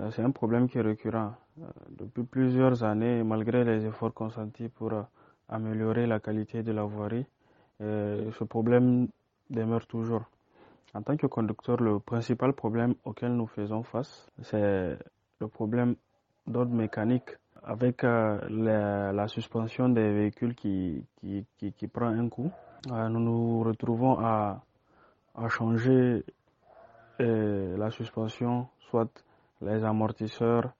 Euh, c'est un problème qui est récurrent. Euh, depuis plusieurs années, malgré les efforts consentis pour euh, améliorer la qualité de la voirie, ce problème demeure toujours. En tant que conducteur, le principal problème auquel nous faisons face, c'est le problème d'ordre mécanique avec la, suspension des véhicules qui, qui, qui, prend un coup. nous nous retrouvons à, à changer la suspension, soit les amortisseurs,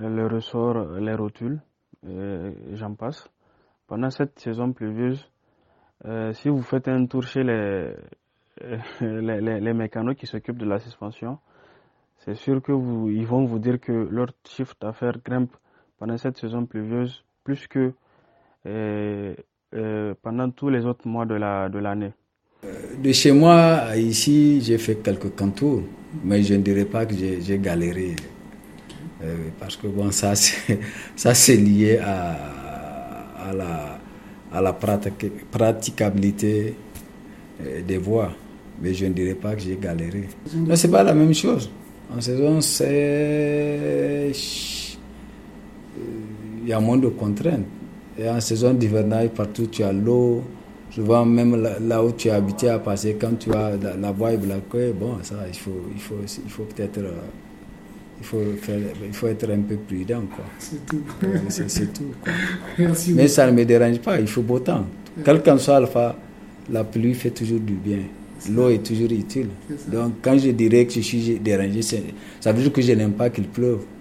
le ressorts, les rotules, j'en passe. Pendant cette saison pluvieuse, euh, si vous faites un tour chez les, les, mécanos qui s'occupent de la suspension, c'est sûr que vous, ils vont vous dire que leur chiffre d'affaires grimpe pendant cette saison pluvieuse plus que euh, euh, pendant tous les autres mois de l'année. La, de, de chez moi ici, j'ai fait quelques contours mais je ne dirais pas que j'ai galéré. Euh, parce que bon, ça, c'est lié à, la, à la praticabilité euh, des voies. Mais je ne dirais pas que j'ai galéré. Non, ce n'est pas la même chose. En saison, c'est. Euh, il y a moins de contraintes. Et en saison d'hivernage, partout, tu as l'eau, souvent même là, où tu es habitué à passer, quand tu as la, voie voix est bloquée, bon, ça, il faut, il faut, il faut peut-être... Euh, il faut, il faut être un peu prudent. Quoi. C'est tout. C'est, tout Mais ça ne me dérange pas, il faut beau temps. Quel qu'en soit la pluie fait toujours du bien. L'eau est toujours utile. Donc quand je dirais que je suis dérangé, ça veut dire que je n'aime pas qu'il pleuve.